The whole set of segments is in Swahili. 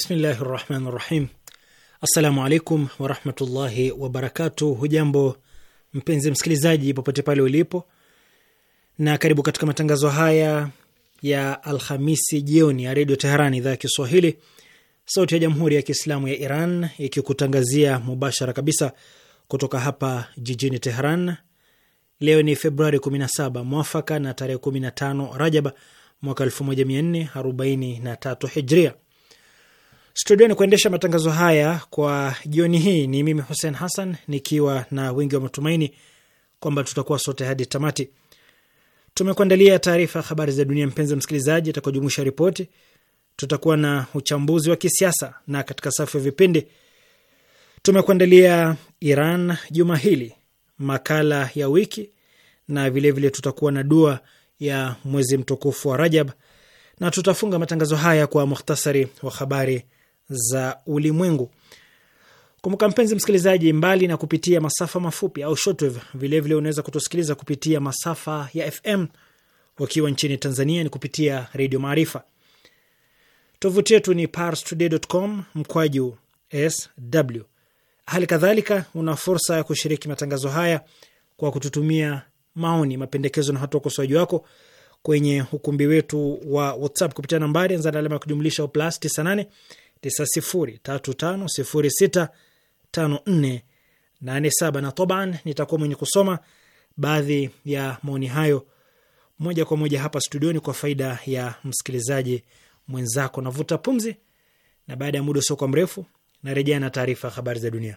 Bismillahi rahmani rahim. Assalamu alaikum warahmatullahi wabarakatu. Hujambo mpenzi msikilizaji, popote pale ulipo, na karibu katika matangazo haya ya Alhamisi jioni ya Redio Teheran, idhaa ya Kiswahili, sauti ya Jamhuri ya Kiislamu ya Iran, ikikutangazia mubashara kabisa kutoka hapa jijini Teheran. Leo ni Februari 17 mwafaka na tarehe 15 Rajaba mwaka 1443 Hijria. Studioni kuendesha matangazo haya kwa jioni hii ni mimi Hussein Hassan, nikiwa na wingi wa matumaini kwamba tutakuwa sote hadi tamati. Tumekuandalia taarifa ya habari za dunia, mpenzi msikilizaji, itakujumuisha ripoti. Tutakuwa na uchambuzi wa kisiasa, na katika safu ya vipindi tumekuandalia Iran juma hili, makala ya wiki, na vilevile vile tutakuwa na dua ya mwezi mtukufu wa Rajab, na tutafunga matangazo haya kwa muhtasari wa habari za ulimwengu. Kumbuka mpenzi msikilizaji, mbali na kupitia masafa mafupi au shortwave, vilevile unaweza kutusikiliza kupitia masafa ya FM ukiwa nchini Tanzania ni kupitia Redio Maarifa. Tovuti yetu ni parstoday.com mkwaju sw. Hali kadhalika una fursa ya kushiriki matangazo haya kwa kututumia maoni, mapendekezo na hata ukosoaji wako kwenye ukumbi wetu wa WhatsApp kupitia nambari anza na alama ya kujumlisha plus 98 9035065487 na taban, nitakuwa mwenye kusoma baadhi ya maoni hayo moja kwa moja hapa studioni kwa faida ya msikilizaji mwenzako. Navuta pumzi, na baada ya muda usiokuwa mrefu narejea na taarifa ya habari za dunia.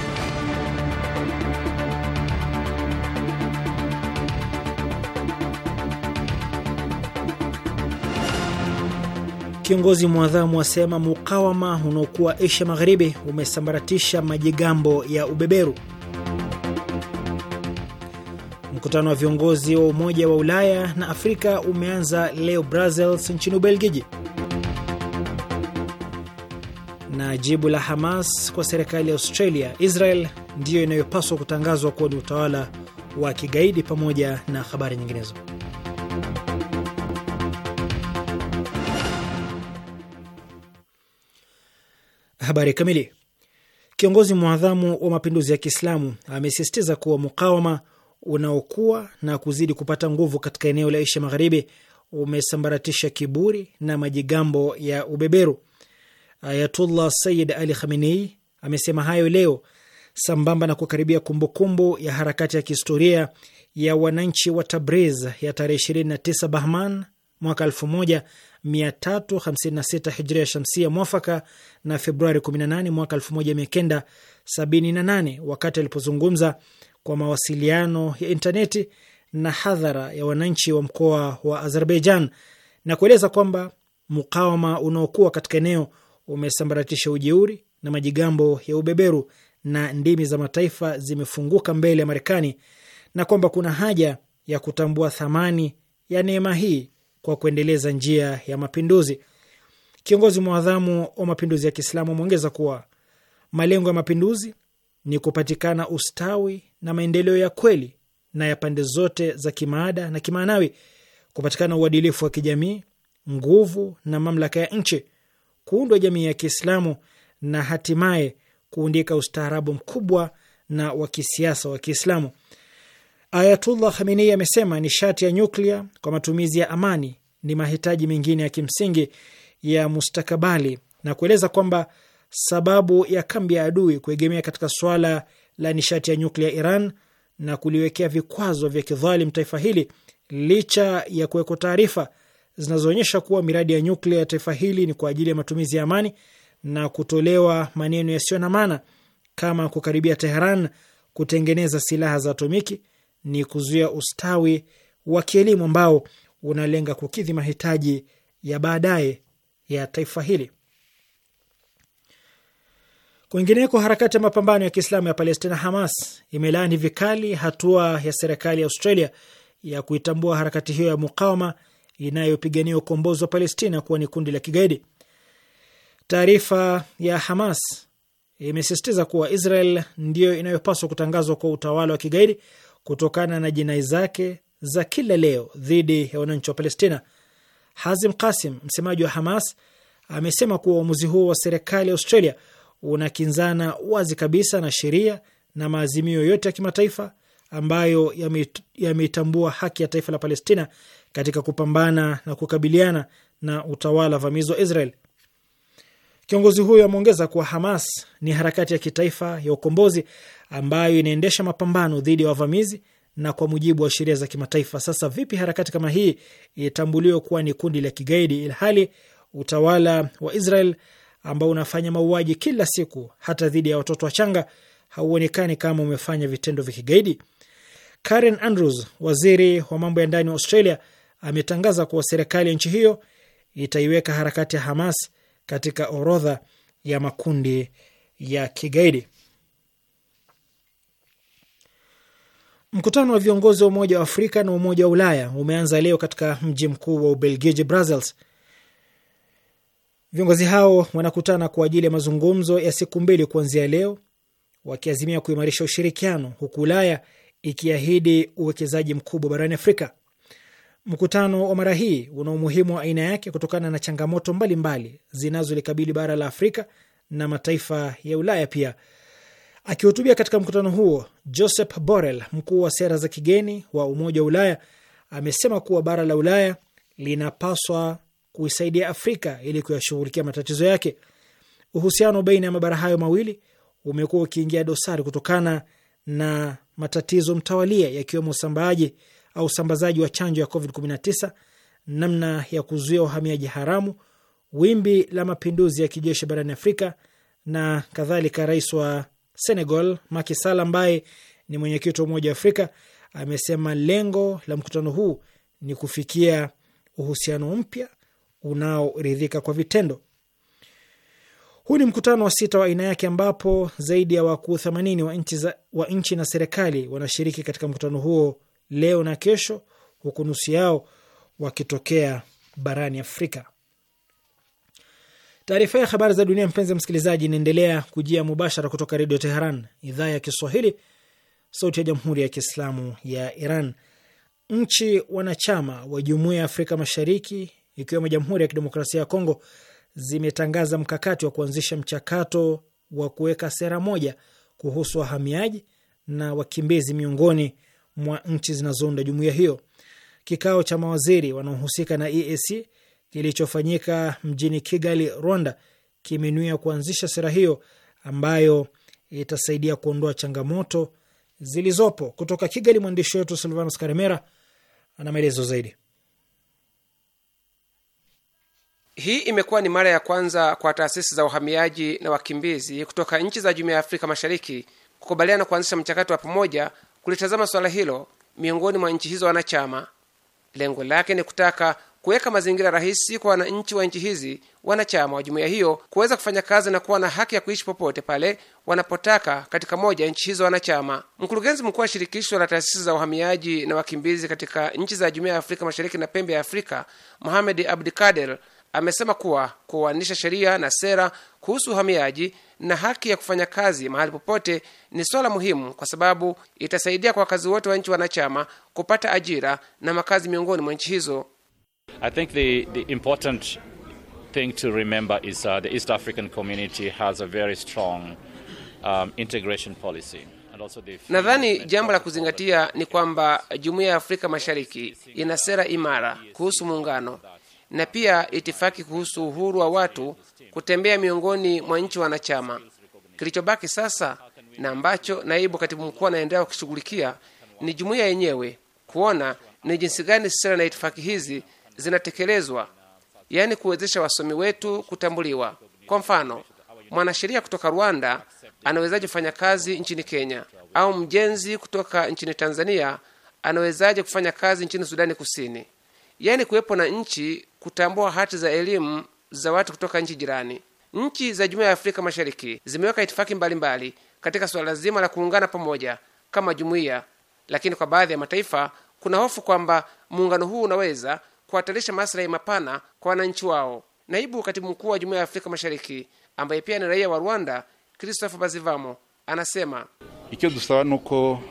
Kiongozi mwadhamu asema mukawama unaokuwa Asia Magharibi umesambaratisha majigambo ya ubeberu. Mkutano wa viongozi wa Umoja wa Ulaya na Afrika umeanza leo Brussels nchini Ubelgiji. Na jibu la Hamas kwa serikali ya Australia, Israel ndiyo inayopaswa kutangazwa kuwa ni utawala wa kigaidi, pamoja na habari nyinginezo. Habari kamili. Kiongozi mwadhamu wa mapinduzi ya Kiislamu amesisitiza kuwa mukawama unaokuwa na kuzidi kupata nguvu katika eneo la Asia Magharibi umesambaratisha kiburi na majigambo ya ubeberu. Ayatullah Sayyid Ali Khamenei amesema hayo leo sambamba na kukaribia kumbukumbu kumbu ya harakati ya kihistoria ya wananchi wa Tabriz ya tarehe 29 Bahman mwaka 356 hijria shamsia mwafaka na Februari 18 mwaka 1978 wakati alipozungumza kwa mawasiliano ya intaneti na hadhara ya wananchi wa mkoa wa Azerbaijan na kueleza kwamba mukawama unaokuwa katika eneo umesambaratisha ujeuri na majigambo ya ubeberu na ndimi za mataifa zimefunguka mbele ya Marekani na kwamba kuna haja ya kutambua thamani ya neema hii kwa kuendeleza njia ya mapinduzi. Kiongozi mwadhamu wa mapinduzi ya Kiislamu ameongeza kuwa malengo ya mapinduzi ni kupatikana ustawi na maendeleo ya kweli na ya pande zote za kimaada na kimaanawi, kupatikana uadilifu wa kijamii, nguvu na mamlaka ya nchi, kuundwa jamii ya Kiislamu na hatimaye kuundika ustaarabu mkubwa na wa kisiasa wa Kiislamu. Ayatullah Khamenei amesema nishati ya nyuklia kwa matumizi ya amani ni mahitaji mengine ya kimsingi ya mustakabali na kueleza kwamba sababu ya kambi ya adui kuegemea katika swala la nishati ya nyuklia Iran na kuliwekea vikwazo vya kidhalim taifa hili licha ya kuwekwa taarifa zinazoonyesha kuwa miradi ya nyuklia ya taifa hili ni kwa ajili ya matumizi ya amani na kutolewa maneno yasiyo na maana kama kukaribia Teheran kutengeneza silaha za atomiki ni kuzuia ustawi wa kielimu ambao unalenga kukidhi mahitaji ya baadaye ya taifa hili. Kwingineko, harakati ya mapambano ya Kiislamu ya Palestina, Hamas, imelaani vikali hatua ya serikali ya Australia ya kuitambua harakati hiyo ya mukawama inayopigania ukombozi wa Palestina kuwa ni kundi la kigaidi. Taarifa ya Hamas imesisitiza kuwa Israel ndiyo inayopaswa kutangazwa kwa utawala wa kigaidi kutokana na jinai zake za kila leo dhidi ya wananchi wa Palestina. Hazim Kasim, msemaji wa Hamas, amesema kuwa uamuzi huo wa serikali ya Australia unakinzana wazi kabisa na sheria na maazimio yote ya kimataifa ambayo yameitambua haki ya taifa la Palestina katika kupambana na kukabiliana na utawala vamizi wa Israel. Kiongozi huyo ameongeza kuwa Hamas ni harakati ya kitaifa ya ukombozi ambayo inaendesha mapambano dhidi ya wa wavamizi na kwa mujibu wa sheria za kimataifa. Sasa vipi harakati kama hii itambuliwe kuwa ni kundi la kigaidi, ilhali utawala wa Israel ambao unafanya mauaji kila siku hata dhidi ya watoto wachanga hauonekani kama umefanya vitendo vya kigaidi? Karen Andrews, waziri wa mambo ya ndani wa Australia, ametangaza kuwa serikali ya nchi hiyo itaiweka harakati ya Hamas katika orodha ya makundi ya kigaidi. Mkutano wa viongozi wa Umoja wa Afrika na Umoja wa Ulaya umeanza leo katika mji mkuu wa Ubelgiji, Brussels. Viongozi hao wanakutana kwa ajili ya mazungumzo ya siku mbili kuanzia leo, wakiazimia kuimarisha ushirikiano, huku Ulaya ikiahidi uwekezaji mkubwa barani Afrika. Mkutano wa mara hii una umuhimu wa aina yake kutokana na changamoto mbalimbali zinazolikabili bara la Afrika na mataifa ya Ulaya pia. Akihutubia katika mkutano huo, Joseph Borrell, mkuu wa sera za kigeni wa Umoja wa Ulaya, amesema kuwa bara la Ulaya linapaswa kuisaidia Afrika ili kuyashughulikia matatizo yake. Uhusiano baina ya mabara hayo mawili umekuwa ukiingia dosari kutokana na matatizo mtawalia, yakiwemo usambaaji au usambazaji wa chanjo ya COVID-19, namna ya kuzuia uhamiaji haramu, wimbi la mapinduzi ya kijeshi barani Afrika na kadhalika. Rais wa Senegal Macky Sall ambaye ni mwenyekiti wa Umoja wa Afrika amesema lengo la mkutano huu ni kufikia uhusiano mpya unaoridhika kwa vitendo. Huu ni mkutano wa sita wa aina yake ambapo zaidi ya wakuu 80 wa nchi na serikali wanashiriki katika mkutano huo leo na kesho, huku nusu yao wakitokea barani Afrika. Taarifa ya habari za dunia, mpenzi msikilizaji, inaendelea kujia mubashara kutoka Redio Teheran, idhaa ya Kiswahili, sauti ya Jamhuri ya Kiislamu ya Iran. Nchi wanachama wa Jumuiya ya Afrika Mashariki ikiwemo Jamhuri ya Kidemokrasia ya Kongo zimetangaza mkakati wa kuanzisha mchakato wa kuweka sera moja kuhusu wahamiaji na wakimbizi miongoni mwa nchi zinazounda jumuiya hiyo. Kikao cha mawaziri wanaohusika na EAC kilichofanyika mjini Kigali, Rwanda, kimenuia kuanzisha sera hiyo ambayo itasaidia kuondoa changamoto zilizopo. Kutoka Kigali, mwandishi wetu Silvanus Karemera ana maelezo zaidi. Hii imekuwa ni mara ya kwanza kwa taasisi za uhamiaji na wakimbizi kutoka nchi za jumuiya ya Afrika Mashariki kukubaliana kuanzisha mchakato wa pamoja kulitazama swala hilo miongoni mwa nchi hizo wanachama. Lengo lake ni kutaka kuweka mazingira rahisi kwa wananchi wa nchi hizi wanachama wa jumuiya hiyo kuweza kufanya kazi na kuwa na haki ya kuishi popote pale wanapotaka katika moja ya nchi hizo wanachama. Mkurugenzi mkuu wa shirikisho la taasisi za uhamiaji na wakimbizi katika nchi za jumuiya ya Afrika Mashariki na pembe ya Afrika, Mohamed Abdikader, amesema kuwa kuoanisha sheria na sera kuhusu uhamiaji na haki ya kufanya kazi mahali popote ni swala muhimu, kwa sababu itasaidia kwa wakazi wote wa nchi wanachama kupata ajira na makazi miongoni mwa nchi hizo. I think the, the important thing to remember is uh, the East African community has a very strong um, integration policy. Nadhani jambo la kuzingatia ni kwamba jumuiya ya Afrika Mashariki ina sera imara kuhusu muungano na pia itifaki kuhusu uhuru wa watu kutembea miongoni mwa nchi wanachama. Kilichobaki sasa na ambacho naibu katibu mkuu anaendelea kukishughulikia ni jumuiya yenyewe kuona ni jinsi gani sera na itifaki hizi zinatekelezwa, yaani kuwezesha wasomi wetu kutambuliwa. Kwa mfano, mwanasheria kutoka Rwanda anawezaje kufanya kazi nchini Kenya, au mjenzi kutoka nchini Tanzania anawezaje kufanya kazi nchini Sudani Kusini? Yaani kuwepo na nchi kutambua hati za elimu za watu kutoka nchi jirani. Nchi za Jumuiya ya Afrika Mashariki zimeweka itifaki mbalimbali mbali katika suala zima la kuungana pamoja kama jumuiya, lakini kwa baadhi ya mataifa kuna hofu kwamba muungano huu unaweza kuhatarisha maslahi mapana kwa wananchi wao. Naibu katibu mkuu wa Jumuiya ya Afrika Mashariki ambaye pia ni raia wa Rwanda, Christopher Bazivamo, anasema icyo dusaba nuko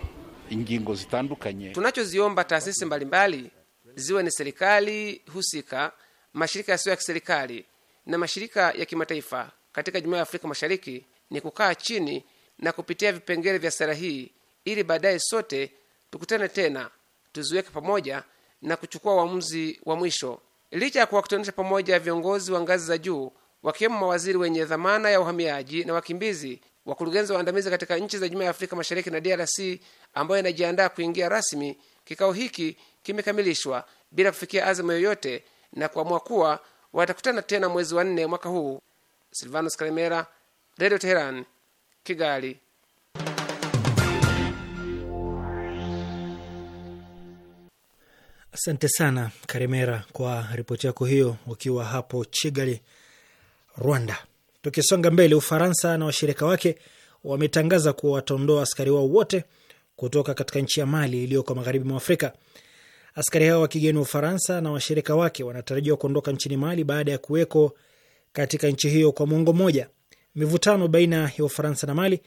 ingingo zitandukanye, tunachoziomba taasisi mbalimbali ziwe ni serikali husika, mashirika yasiyo ya kiserikali na mashirika ya kimataifa katika jumuiya ya Afrika Mashariki ni kukaa chini na kupitia vipengele vya sera hii ili baadaye sote tukutane tena tuziweke pamoja na kuchukua uamuzi wa mwisho. Licha ya kuwakutanisha pamoja viongozi wa ngazi za juu wakiwemo mawaziri wenye dhamana ya uhamiaji na wakimbizi, wakurugenzi waandamizi katika nchi za jumuiya ya Afrika Mashariki na DRC ambayo inajiandaa kuingia rasmi, kikao hiki kimekamilishwa bila kufikia azma yoyote na kuamua kuwa watakutana tena mwezi wa nne mwaka huu. Silvanus Kalemera, Radio Teheran, Kigali. Asante sana Karemera kwa ripoti yako hiyo, ukiwa hapo chigali Rwanda. Tukisonga mbele, Ufaransa na washirika wake wametangaza kuwa wataondoa askari wao wote kutoka katika nchi ya Mali iliyoko magharibi mwa Afrika. Askari hao wa kigeni wa Ufaransa na washirika wake wanatarajiwa kuondoka nchini Mali baada ya kuweko katika nchi hiyo kwa mwongo mmoja. Mivutano baina ya Ufaransa na Mali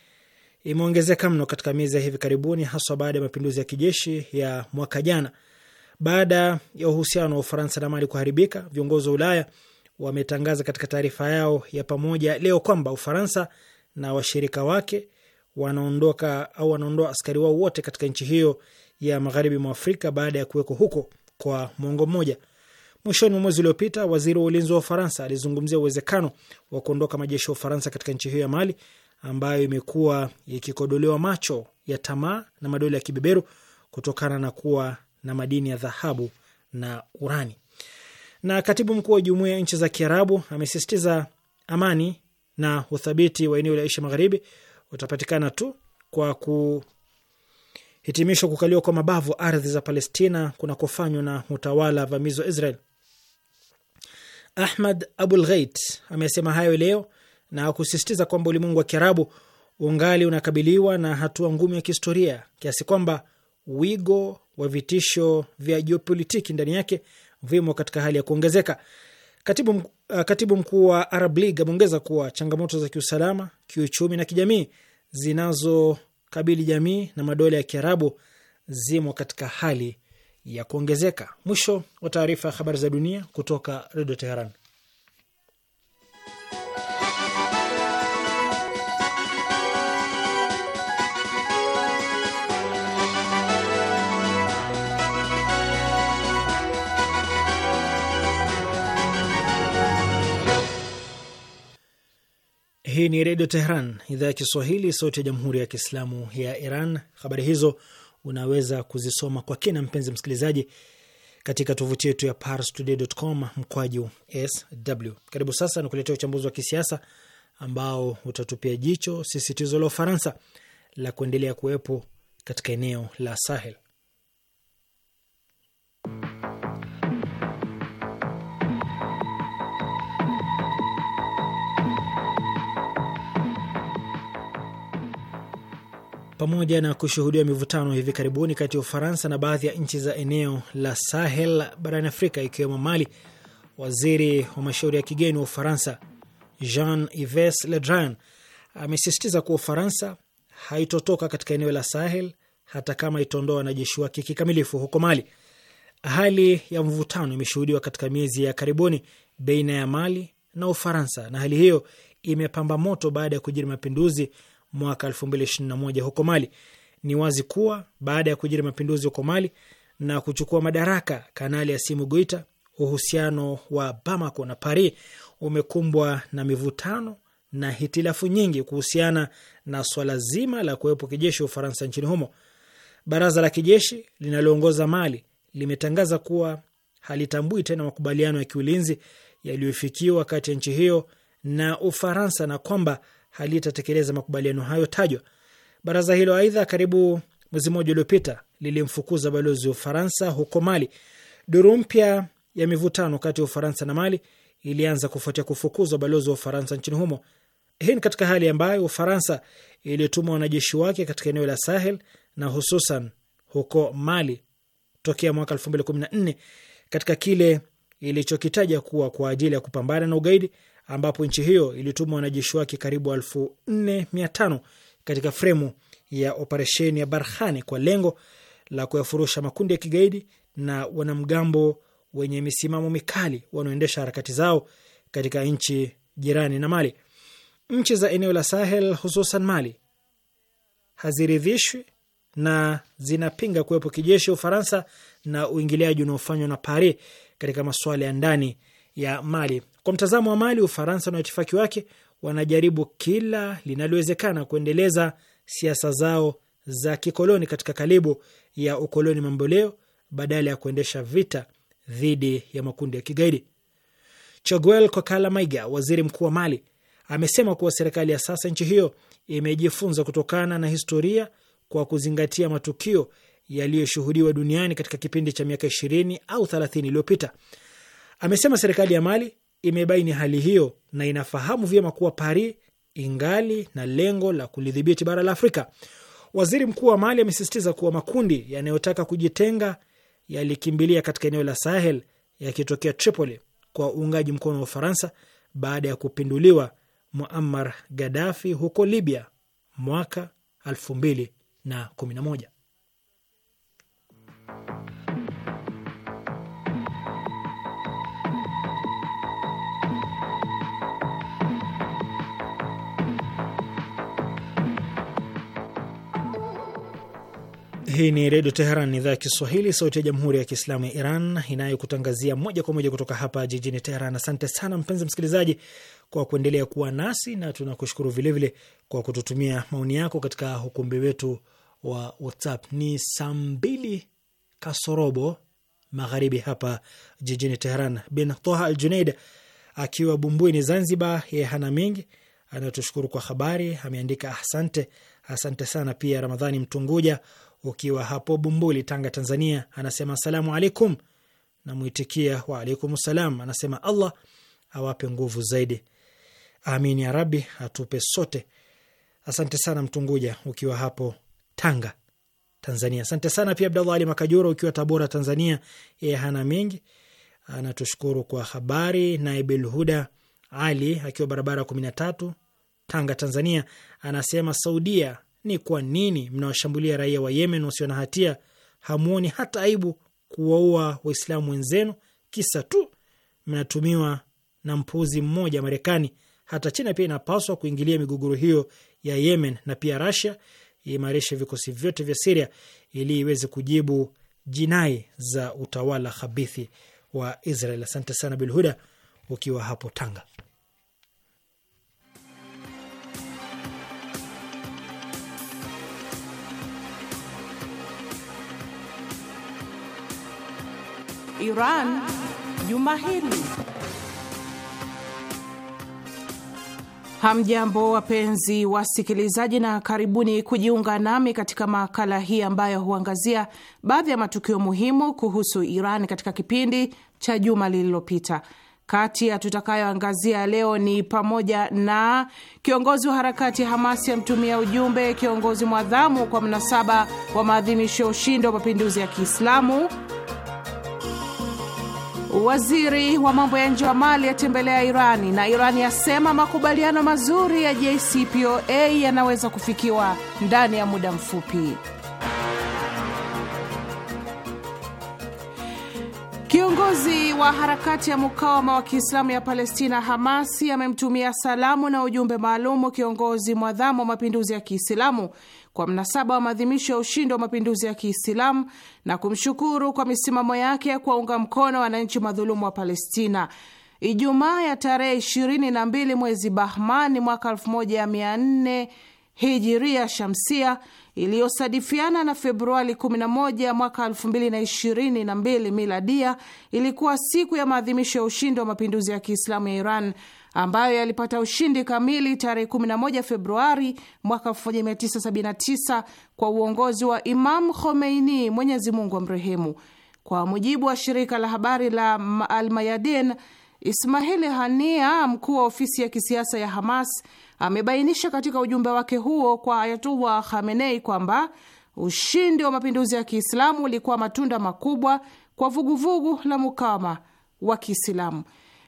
imeongezeka mno katika miezi ya hivi karibuni, haswa baada ya mapinduzi ya kijeshi ya mwaka jana. Baada ya uhusiano wa Ufaransa na Mali kuharibika, viongozi wa Ulaya wametangaza katika taarifa yao ya pamoja leo kwamba Ufaransa na washirika wake wanaondoka au wanaondoa askari wao wote katika nchi hiyo ya magharibi mwa Afrika baada ya kuwekwa huko kwa mwongo mmoja. Mwishoni mwa mwezi uliopita, waziri wa ulinzi wa Ufaransa alizungumzia uwezekano wa kuondoka majeshi ya Ufaransa katika nchi hiyo ya Mali ambayo imekuwa ikikodolewa macho ya tamaa na madola ya kibeberu kutokana na kuwa na madini ya dhahabu na urani. Na katibu mkuu wa Jumuiya ya Nchi za Kiarabu amesisitiza amani na uthabiti wa eneo la Asia Magharibi utapatikana tu kwa ku hitimisho kukaliwa kwa mabavu ardhi za Palestina kunakofanywa na utawala vamizi wa Israel. Ahmad Abul Ghait amesema hayo leo na kusisitiza kwamba ulimwengu wa Kiarabu ungali unakabiliwa na hatua ngumu ya kihistoria kiasi kwamba wigo wa vitisho vya jiopolitiki ndani yake vimo katika hali ya kuongezeka. Katibu, uh, katibu mkuu wa Arab League ameongeza kuwa changamoto za kiusalama, kiuchumi na kijamii zinazo kabili jamii na madola ya Kiarabu zimo katika hali ya kuongezeka. Mwisho wa taarifa ya habari za dunia kutoka Redio Teheran. Hii ni Redio Tehran, idhaa ya Kiswahili, sauti ya Jamhuri ya Kiislamu ya Iran. Habari hizo unaweza kuzisoma kwa kina, mpenzi msikilizaji, katika tovuti yetu ya parstoday.com mkwaju sw. Karibu sasa ni kuletea uchambuzi wa kisiasa ambao utatupia jicho sisitizo la Ufaransa la kuendelea kuwepo katika eneo la Sahel. pamoja na kushuhudia mivutano hivi karibuni kati ya Ufaransa na baadhi ya nchi za eneo la Sahel barani Afrika ikiwemo Mali, waziri wa mashauri ya kigeni wa Ufaransa Jean Yves Le Drian amesisitiza kuwa Ufaransa haitotoka katika eneo la Sahel hata kama itaondoa wanajeshi wake kikamilifu huko Mali. Hali ya mvutano imeshuhudiwa katika miezi ya karibuni baina ya Mali na Ufaransa, na hali hiyo imepamba moto baada ya kujiri mapinduzi mwaka 2021 huko Mali. Ni wazi kuwa baada ya kujiri mapinduzi huko Mali na kuchukua madaraka Kanali ya simu Goita, uhusiano wa Bamako na Paris umekumbwa na mivutano na hitilafu nyingi kuhusiana na swala zima la kuwepo kijeshi wa Ufaransa nchini humo. Baraza la kijeshi linaloongoza Mali limetangaza kuwa halitambui tena makubaliano ya kiulinzi yaliyofikiwa kati ya nchi hiyo na Ufaransa na kwamba halitatekeleza makubaliano hayo tajwa. Baraza hilo aidha, karibu mwezi mmoja uliopita lilimfukuza balozi wa Ufaransa huko Mali. Duru mpya ya mivutano kati ya Ufaransa na Mali ilianza kufuatia kufukuzwa balozi wa Ufaransa nchini humo. Hii ni katika hali ambayo Ufaransa ilituma wanajeshi wake katika eneo la Sahel na hususan huko Mali tokea mwaka 2014 katika kile ilichokitaja kuwa kwa ajili ya kupambana na ugaidi ambapo nchi hiyo ilituma wanajeshi wake karibu elfu nne mia tano katika fremu ya operesheni ya Barhani kwa lengo la kuyafurusha makundi ya kigaidi na wanamgambo wenye misimamo mikali wanaoendesha harakati zao katika nchi jirani na Mali. Nchi za eneo la Sahel hususan Mali haziridhishwi na zinapinga kuwepo kijeshi Ufaransa na uingiliaji unaofanywa na Paris katika masuala ya ndani ya Mali. Kwa mtazamo wa Mali, Ufaransa na watifaki wake wanajaribu kila linalowezekana kuendeleza siasa zao za kikoloni katika kalibu ya ukoloni mamboleo badala ya kuendesha vita dhidi ya makundi ya kigaidi. Choguel Kokala Maiga, waziri mkuu wa Mali, amesema kuwa serikali ya sasa nchi hiyo imejifunza kutokana na historia kwa kuzingatia matukio yaliyoshuhudiwa duniani katika kipindi cha miaka ishirini au thelathini iliyopita. Amesema serikali ya Mali imebaini hali hiyo na inafahamu vyema kuwa Paris ingali na lengo la kulidhibiti bara la Afrika. Waziri mkuu wa Mali amesisitiza kuwa makundi yanayotaka kujitenga yalikimbilia katika eneo la Sahel yakitokea Tripoli kwa uungaji mkono wa Ufaransa baada ya kupinduliwa Muammar Gaddafi huko Libya mwaka elfu Hii ni Redio Teheran, idhaa ya Kiswahili, sauti ya Jamhuri ya Kiislamu ya Iran inayokutangazia moja kwa moja kutoka hapa jijini Teheran. Asante sana mpenzi msikilizaji kwa kuendelea kuwa nasi na tunakushukuru vilevile kwa kututumia maoni yako katika ukumbi wetu wa WhatsApp. Ni saa mbili kasorobo magharibi hapa jijini Teheran. Bin Toha Al Juneid akiwa Bumbwini, Zanzibar, yeye hana mengi, anatushukuru kwa habari, ameandika asante. Asante sana pia Ramadhani Mtunguja ukiwa hapo Bumbuli, Tanga, Tanzania, anasema asalamu alaikum, namwitikia alaikum salam. Anasema Allah awape nguvu zaidi, amin ya rabi, atupe sote. Asante sana Mtunguja ukiwa hapo Tanga, Tanzania. Asante sana pia Abdallah Ali Makajura ukiwa Tabora, Tanzania. Yeye hana mengi, anatushukuru kwa habari. Na Ibil Huda Ali akiwa barabara kumi na tatu Tanga, Tanzania, anasema Saudia ni kwa nini mnawashambulia raia wa Yemen wasio na hatia? Hamuoni hata aibu kuwaua Waislamu wenzenu, kisa tu mnatumiwa na mpuzi mmoja Marekani. Hata China pia inapaswa kuingilia migogoro hiyo ya Yemen, na pia Rasia iimarishe vikosi vyote vya Siria ili iweze kujibu jinai za utawala khabithi wa Israel. Asante sana Bilhuda ukiwa hapo Tanga. Iran juma hili. Hamjambo, wapenzi wasikilizaji, na karibuni kujiunga nami katika makala hii ambayo huangazia baadhi ya matukio muhimu kuhusu Iran katika kipindi cha juma lililopita. Kati ya tutakayoangazia leo ni pamoja na kiongozi wa harakati Hamasi amtumia ujumbe kiongozi mwadhamu kwa mnasaba wa maadhimisho ya ushindi wa mapinduzi ya Kiislamu, Waziri wa mambo ya nje wa Mali atembelea Irani na Irani yasema makubaliano mazuri ya JCPOA yanaweza kufikiwa ndani ya muda mfupi. Kiongozi wa harakati ya mukawama wa Kiislamu ya Palestina Hamasi amemtumia salamu na ujumbe maalumu kiongozi mwadhamu wa mapinduzi ya Kiislamu kwa mnasaba wa maadhimisho ya ushindi wa mapinduzi ya Kiislamu na kumshukuru kwa misimamo yake ya kuwaunga mkono wananchi madhulumu wa Palestina. Ijumaa ya tarehe mbili mwezi Bahmani mwaka nne hijiria shamsia iliyosadifiana na Februari 11 mwaka 2022 miladia ilikuwa siku ya maadhimisho ya ushindi wa mapinduzi ya Kiislamu ya Iran ambayo yalipata ushindi kamili tarehe 11 Februari mwaka 1979 kwa uongozi wa Imam Khomeini, Mwenyezi Mungu amrehemu. Kwa mujibu wa shirika la habari la Almayadin, ismaili Hania, mkuu wa ofisi ya kisiasa ya Hamas, amebainisha katika ujumbe wake huo kwa Ayatullah Khamenei kwamba ushindi wa mapinduzi ya Kiislamu ulikuwa matunda makubwa kwa vuguvugu la mukawama wa Kiislamu.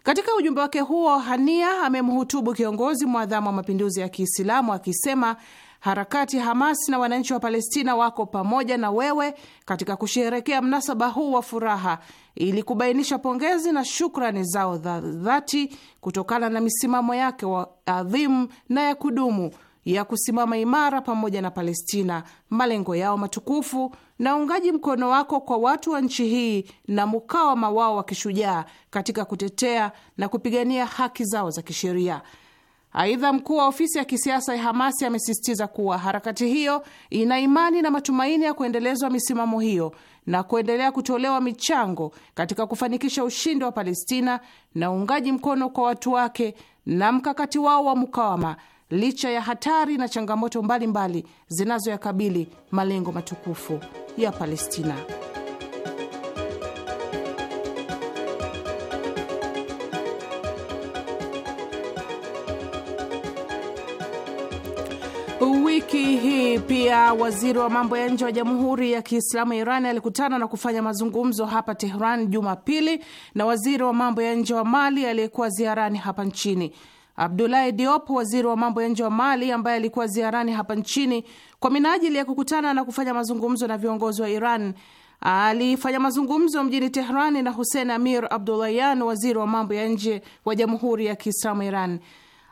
Katika ujumbe wake huo, Hania amemhutubu kiongozi mwadhamu wa mapinduzi ya Kiislamu akisema harakati Hamas na wananchi wa Palestina wako pamoja na wewe katika kusherehekea mnasaba huu wa furaha ili kubainisha pongezi na shukrani zao za dhati kutokana na misimamo yake wa adhimu na ya kudumu ya kusimama imara pamoja na Palestina, malengo yao matukufu na uungaji mkono wako kwa watu wa nchi hii na mukawama wao wa kishujaa katika kutetea na kupigania haki zao za kisheria. Aidha, mkuu wa ofisi ya kisiasa ya Hamasi amesisitiza kuwa harakati hiyo ina imani na matumaini ya kuendelezwa misimamo hiyo na kuendelea kutolewa michango katika kufanikisha ushindi wa Palestina na uungaji mkono kwa watu wake na mkakati wao wa mukawama licha ya hatari na changamoto mbalimbali zinazoyakabili malengo matukufu ya Palestina. Wiki hii pia waziri wa mambo ya nje wa Jamhuri ya Kiislamu ya Iran alikutana na kufanya mazungumzo hapa Tehran Jumapili na waziri wa mambo ya nje wa Mali aliyekuwa ziarani hapa nchini. Abdoulaye Diop, waziri wa mambo ya nje wa Mali, ambaye alikuwa ziarani hapa nchini kwa minajili ya kukutana na kufanya mazungumzo na viongozi wa Iran, alifanya mazungumzo mjini Tehrani na Hussein Amir abdulayan waziri wa mambo ya nje wa Jamhuri ya Kiislamu Iran.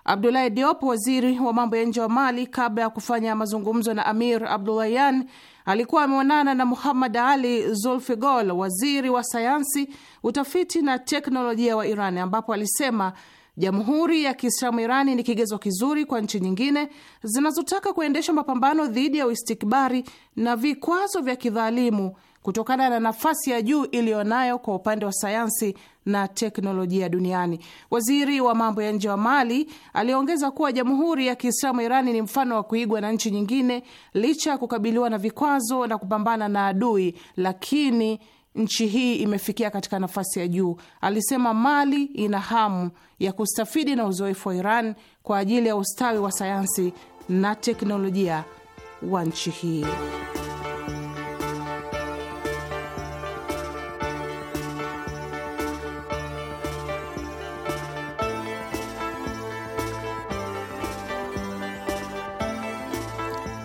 Abdoulaye Diop, waziri wa mambo ya nje wa Mali, kabla ya kufanya mazungumzo na Amir abdulayan alikuwa ameonana na Muhammad Ali Zulfigol, waziri wa sayansi, utafiti na teknolojia wa Iran, ambapo alisema Jamhuri ya Kiislamu Irani ni kigezo kizuri kwa nchi nyingine zinazotaka kuendesha mapambano dhidi ya uistikbari na vikwazo vya kidhalimu kutokana na nafasi ya juu iliyonayo kwa upande wa sayansi na teknolojia duniani. Waziri wa mambo ya nje wa Mali aliongeza kuwa Jamhuri ya Kiislamu Irani ni mfano wa kuigwa na nchi nyingine, licha ya kukabiliwa na vikwazo na kupambana na adui, lakini nchi hii imefikia katika nafasi ya juu. Alisema Mali ina hamu ya kustafidi na uzoefu wa Iran kwa ajili ya ustawi wa sayansi na teknolojia wa nchi hii.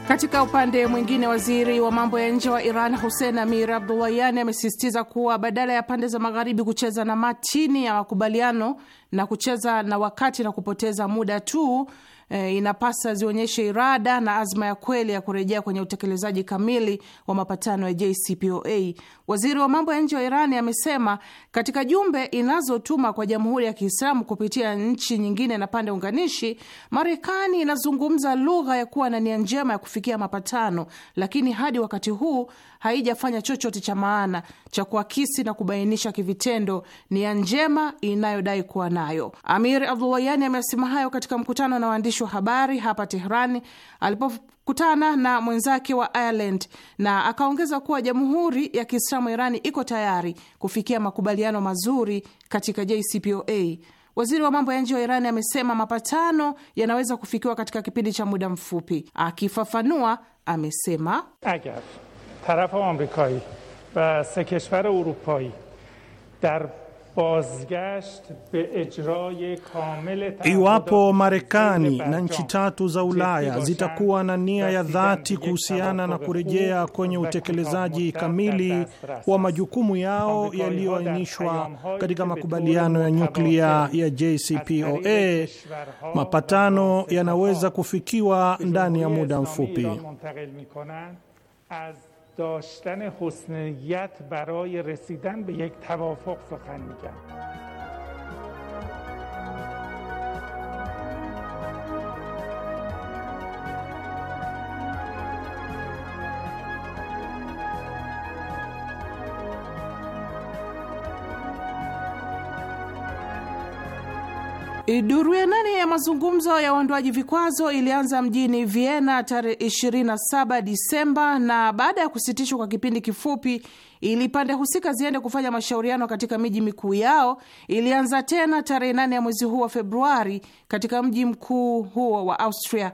Katika upande mwingine, waziri wa mambo ya nje wa Iran Hussein Amir Abdullahian amesisitiza kuwa badala ya pande za magharibi kucheza na matini ya makubaliano na kucheza na wakati na kupoteza muda tu e, inapasa zionyeshe irada na azma ya kweli ya kurejea kwenye utekelezaji kamili wa mapatano ya JCPOA. Waziri wa mambo ya nje wa Irani amesema katika jumbe inazotuma kwa Jamhuri ya Kiislamu kupitia nchi nyingine na pande unganishi, Marekani inazungumza lugha ya kuwa na nia njema ya kufikia mapatano, lakini hadi wakati huu haijafanya chochote cha maana cha kuakisi na kubainisha kivitendo nia njema inayodai kuwa nayo. Amir abdulwayani amesema hayo katika mkutano na waandishi wa habari hapa Teherani alipokutana na mwenzake wa Ireland na akaongeza kuwa Jamhuri ya Kiislamu Irani iko tayari kufikia makubaliano mazuri katika JCPOA. Waziri wa mambo ya nje wa Irani amesema mapatano yanaweza kufikiwa katika kipindi cha muda mfupi. Akifafanua amesema Agar. طرف آمریکایی و سه کشور اروپایی در Iwapo Marekani na nchi tatu za Ulaya zitakuwa na nia ya dhati kuhusiana na kurejea kwenye utekelezaji kamili wa majukumu yao yaliyoainishwa katika makubaliano ya nyuklia ya JCPOA, mapatano yanaweza kufikiwa ndani ya muda mfupi. داشتن حسنیت برای رسیدن به یک توافق سخن میگن Duru ya nane ya mazungumzo ya uondoaji vikwazo ilianza mjini Vienna tarehe 27 Disemba, na baada ya kusitishwa kwa kipindi kifupi ili pande husika ziende kufanya mashauriano katika miji mikuu yao, ilianza tena tarehe 8 ya mwezi huu wa Februari katika mji mkuu huo wa Austria.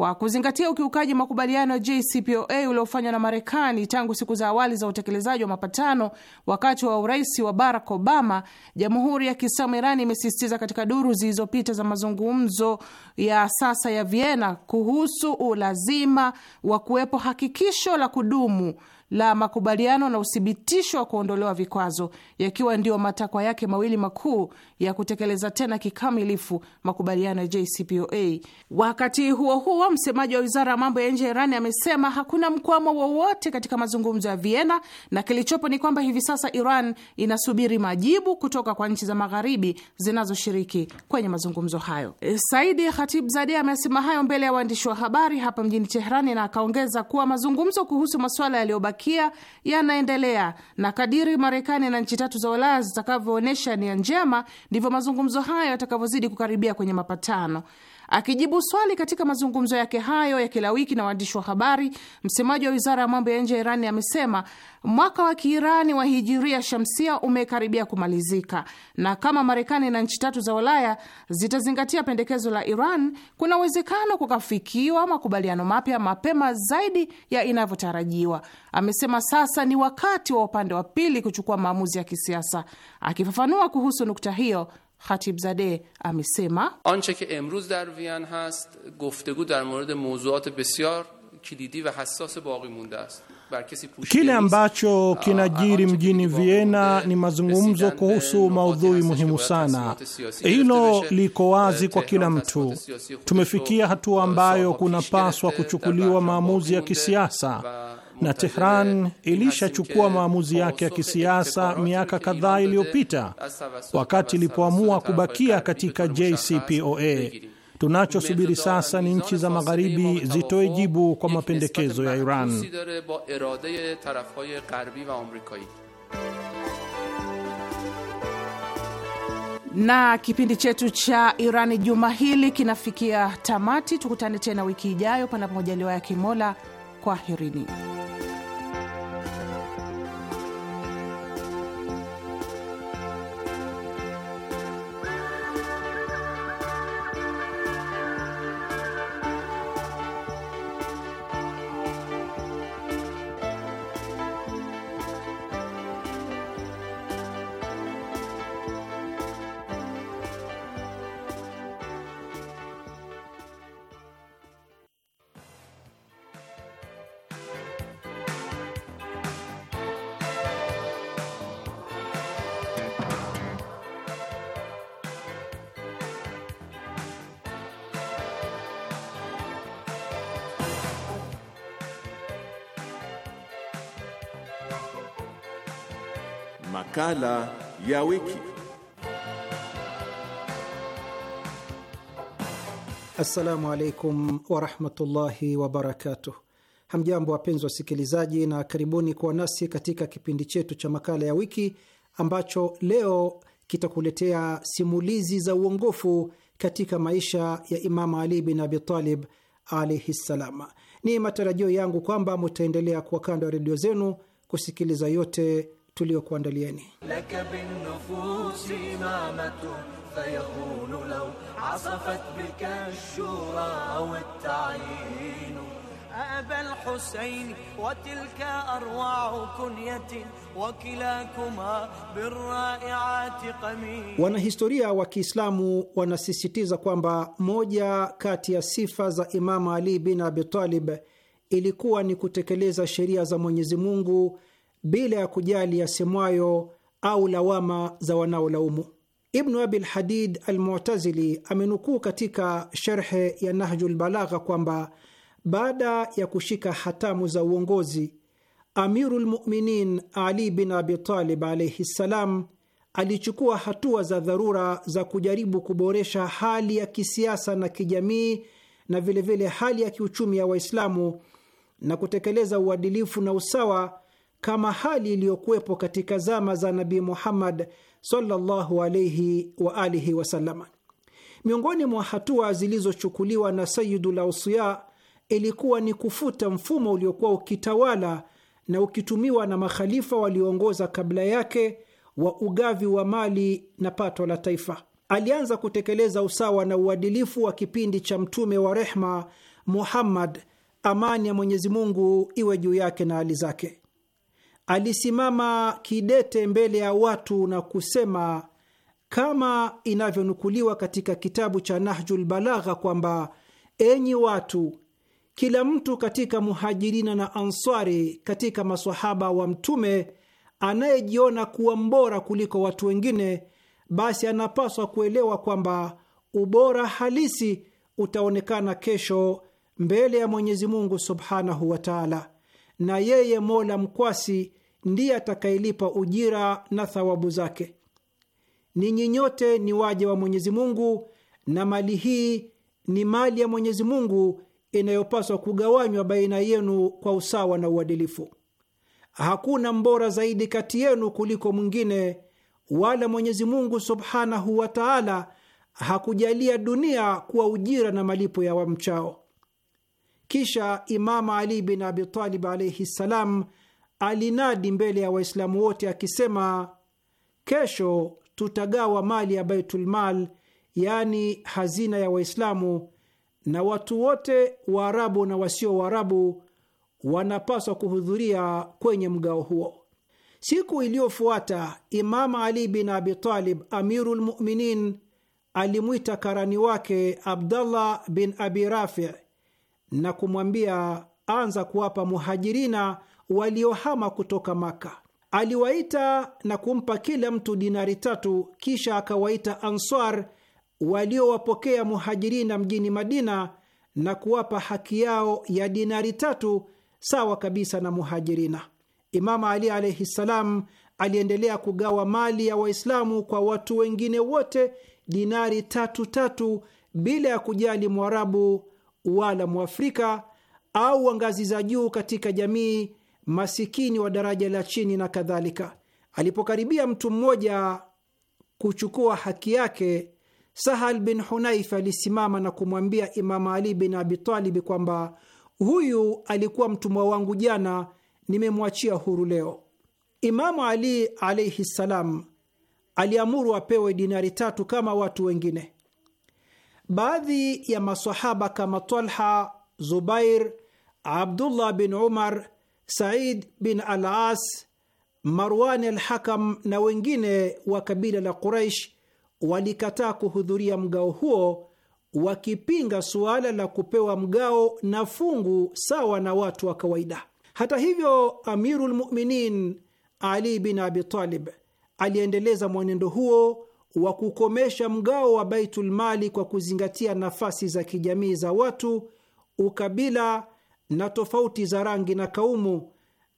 Kwa kuzingatia ukiukaji makubaliano ya JCPOA uliofanywa na Marekani tangu siku za awali za utekelezaji wa mapatano wakati wa urais wa Barack Obama, Jamhuri ya Kiislamu Irani imesisitiza katika duru zilizopita za mazungumzo ya sasa ya Vienna kuhusu ulazima wa kuwepo hakikisho la kudumu la makubaliano na uthibitisho wa kuondolewa vikwazo yakiwa ndiyo matakwa yake mawili makuu ya kutekeleza tena kikamilifu makubaliano ya JCPOA. Wakati huo huo, msemaji wa wizara ya mambo ya nje ya Irani amesema hakuna mkwamo wowote katika mazungumzo ya Vienna, na kilichopo ni kwamba hivi sasa Iran inasubiri majibu kutoka kwa nchi za magharibi zinazoshiriki kwenye mazungumzo hayo. Saidi Khatibzadeh amesema hayo mbele ya waandishi wa habari hapa mjini Teherani na akaongeza kuwa mazungumzo kuhusu masuala yaliyobaki yaliyobakia yanaendelea, na kadiri Marekani na nchi tatu za Ulaya zitakavyoonyesha nia njema, ndivyo mazungumzo hayo yatakavyozidi kukaribia kwenye mapatano. Akijibu swali katika mazungumzo yake hayo ya kila wiki na waandishi wa habari, msemaji wa wizara ya mambo ya nje ya Irani amesema mwaka wa Kiirani wa hijiria shamsia umekaribia kumalizika, na kama Marekani na nchi tatu za Ulaya zitazingatia pendekezo la Iran, kuna uwezekano kukafikiwa makubaliano mapya mapema zaidi ya inavyotarajiwa. Amesema sasa ni wakati wa upande wa pili kuchukua maamuzi ya kisiasa. Akifafanua kuhusu nukta hiyo Khatibzadeh amesema آنچه که امروز در Vian هست گفتگو در مورد موضوعات بسیار کلیدی و حساس باقی مونده است Kile ambacho kinajiri mjini Vienna ni mazungumzo kuhusu maudhui muhimu sana. Hilo liko wazi kwa kila mtu. Tumefikia hatua ambayo kunapaswa kuchukuliwa maamuzi ya kisiasa na Tehran ilishachukua maamuzi yake ya kisiasa miaka kadhaa iliyopita wakati ilipoamua kubakia katika JCPOA. Tunachosubiri sasa ni nchi za Magharibi zitoe jibu kwa mapendekezo ya Iran. Na kipindi chetu cha Irani juma hili kinafikia tamati. Tukutane tena wiki ijayo, panapo majaliwa ya Kimola. Kwaherini. makala ya wiki. Assalamu alaikum warahmatullahi wabarakatuh. Hamjambo wapenzi wasikilizaji, na karibuni kuwa nasi katika kipindi chetu cha makala ya wiki ambacho leo kitakuletea simulizi za uongofu katika maisha ya Imamu Ali bin abitalib alaihi ssalam. Ni matarajio yangu kwamba mutaendelea kuwa kando ya redio zenu kusikiliza yote tuliokuandalieni. Wanahistoria wa Kiislamu wanasisitiza kwamba moja kati ya sifa za Imamu Ali bin Abi Talib ilikuwa ni kutekeleza sheria za Mwenyezi Mungu bila ya kujali yasemwayo au lawama za wanaolaumu. Ibnu Abil Hadid Almutazili amenukuu katika sherhe ya Nahju Lbalagha kwamba baada ya kushika hatamu za uongozi, Amiru Lmuminin Ali bin Abitalib alaihi ssalam alichukua hatua za dharura za kujaribu kuboresha hali ya kisiasa na kijamii na vilevile vile hali ya kiuchumi ya Waislamu na kutekeleza uadilifu na usawa kama hali iliyokuwepo katika zama za Nabii Muhammad sallallahu alaihi wa alihi wasallam. Miongoni mwa hatua zilizochukuliwa na Sayidul Ausiya ilikuwa ni kufuta mfumo uliokuwa ukitawala na ukitumiwa na makhalifa walioongoza kabla yake wa ugavi wa mali na pato la taifa. Alianza kutekeleza usawa na uadilifu wa kipindi cha mtume wa rehma Muhammad, amani ya Mwenyezi Mungu iwe juu yake na hali zake alisimama kidete mbele ya watu na kusema kama inavyonukuliwa katika kitabu cha Nahjul Balagha kwamba enyi watu, kila mtu katika Muhajirina na Answari, katika masahaba wa Mtume anayejiona kuwa mbora kuliko watu wengine, basi anapaswa kuelewa kwamba ubora halisi utaonekana kesho mbele ya Mwenyezi Mungu subhanahu wa taala, na yeye Mola mkwasi ndiye atakayelipa ujira na thawabu zake. Ninyi nyote ni waja wa Mwenyezi Mungu na mali hii ni mali ya Mwenyezi Mungu inayopaswa kugawanywa baina yenu kwa usawa na uadilifu. Hakuna mbora zaidi kati yenu kuliko mwingine, wala Mwenyezi Mungu subhanahu wa taala hakujalia dunia kuwa ujira na malipo ya wamchao. Kisha Imamu Ali bin Abi Talib alaihi ssalam alinadi mbele ya Waislamu wote akisema, kesho tutagawa mali ya Baitulmal, yaani hazina ya Waislamu, na watu wote Waarabu na wasio Waarabu wanapaswa kuhudhuria kwenye mgao huo. Siku iliyofuata imamu Ali bin Abi Talib Amirul alimwita karani wake Abdallah bin Abi Rafi na kumwambia, anza kuwapa Muhajirina waliohama kutoka Maka. Aliwaita na kumpa kila mtu dinari tatu, kisha akawaita Ansar waliowapokea Muhajirina mjini Madina na kuwapa haki yao ya dinari tatu sawa kabisa na Muhajirina. imamu Ali alaihi ssalam aliendelea kugawa mali ya Waislamu kwa watu wengine wote dinari tatu tatu, bila ya kujali Mwarabu wala Mwafrika au wa ngazi za juu katika jamii masikini wa daraja la chini na kadhalika. Alipokaribia mtu mmoja kuchukua haki yake, Sahal bin hunaif alisimama na kumwambia Imamu Ali bin Abitalib kwamba huyu alikuwa mtumwa wangu jana, nimemwachia huru leo. Imamu Ali alaihi ssalam aliamuru apewe dinari tatu kama watu wengine. Baadhi ya masahaba kama Talha, Zubair, Abdullah bin Umar Said bin Alas, Marwan al-Hakam na wengine wa kabila la Quraish walikataa kuhudhuria mgao huo, wakipinga suala la kupewa mgao na fungu sawa na watu wa kawaida. Hata hivyo, Amirul Muminin Ali bin Abi Talib aliendeleza mwenendo huo wa kukomesha mgao wa Baitul Mali kwa kuzingatia nafasi za kijamii za watu, ukabila na tofauti za rangi na kaumu,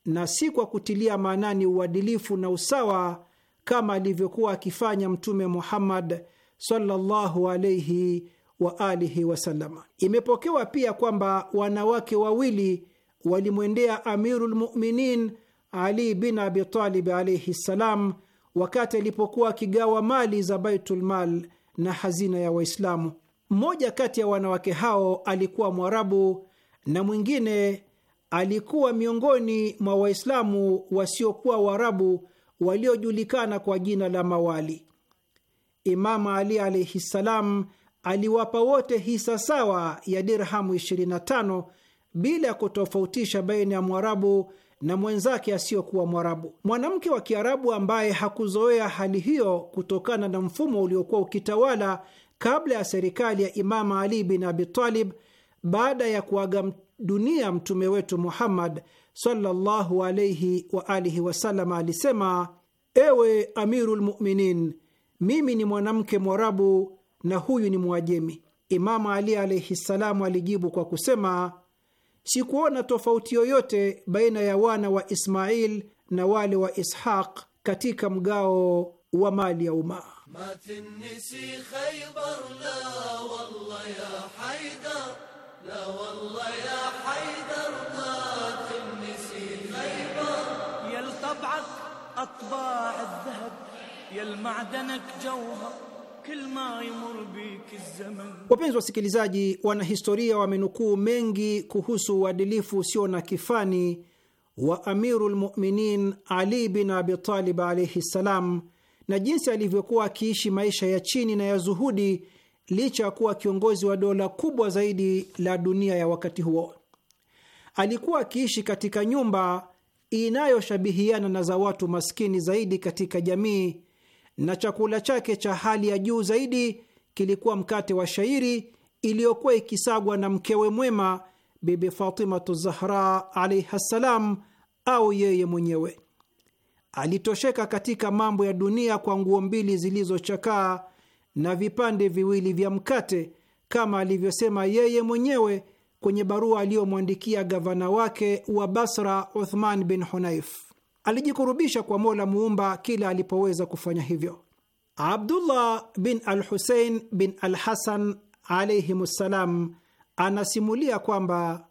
na si kwa kutilia maanani uadilifu na usawa kama alivyokuwa akifanya Mtume Muhammad sallallahu alaihi wa alihi wasallam. Imepokewa pia kwamba wanawake wawili walimwendea amirulmuminin Ali bin Abitalib alaihi ssalam wakati alipokuwa akigawa mali za Baitulmal na hazina ya Waislamu. Mmoja kati ya wanawake hao alikuwa Mwarabu na mwingine alikuwa miongoni mwa Waislamu wasiokuwa Waarabu waliojulikana kwa jina la mawali. Imamu Ali alaihi ssalam aliwapa wote hisa sawa ya dirhamu 25 bila ya kutofautisha baina ya Mwarabu na mwenzake asiyokuwa Mwarabu. Mwanamke wa Kiarabu ambaye hakuzoea hali hiyo kutokana na mfumo uliokuwa ukitawala kabla ya serikali ya Imamu Ali bin Abi Talib baada ya kuaga dunia mtume wetu Muhammad sallallahu alayhi wa alihi wasallam alisema: ewe amiru lmuminin, mimi ni mwanamke Mwarabu na huyu ni Mwajemi. Imamu Ali alaihi ssalamu alijibu kwa kusema, sikuona tofauti yoyote baina ya wana wa Ismail na wale wa Ishaq katika mgao wa mali ya umma. لا والله يا ما Wapenzi wasikilizaji, wanahistoria wamenukuu mengi kuhusu uadilifu usio na kifani wa Amiru lmuminin Ali bin Abitalib alaihi ssalam, na jinsi alivyokuwa akiishi maisha ya chini na ya zuhudi licha ya kuwa kiongozi wa dola kubwa zaidi la dunia ya wakati huo. Alikuwa akiishi katika nyumba inayoshabihiana na za watu maskini zaidi katika jamii, na chakula chake cha hali ya juu zaidi kilikuwa mkate wa shairi iliyokuwa ikisagwa na mkewe mwema Bibi Fatimatu Zahra alaihi ssalam, au yeye mwenyewe. Alitosheka katika mambo ya dunia kwa nguo mbili zilizochakaa na vipande viwili vya mkate kama alivyosema yeye mwenyewe kwenye barua aliyomwandikia gavana wake wa Basra Uthman bin Hunaif. Alijikurubisha kwa Mola muumba kila alipoweza kufanya hivyo. Abdullah bin al Husein bin al Hasan alaihim ssalam anasimulia kwamba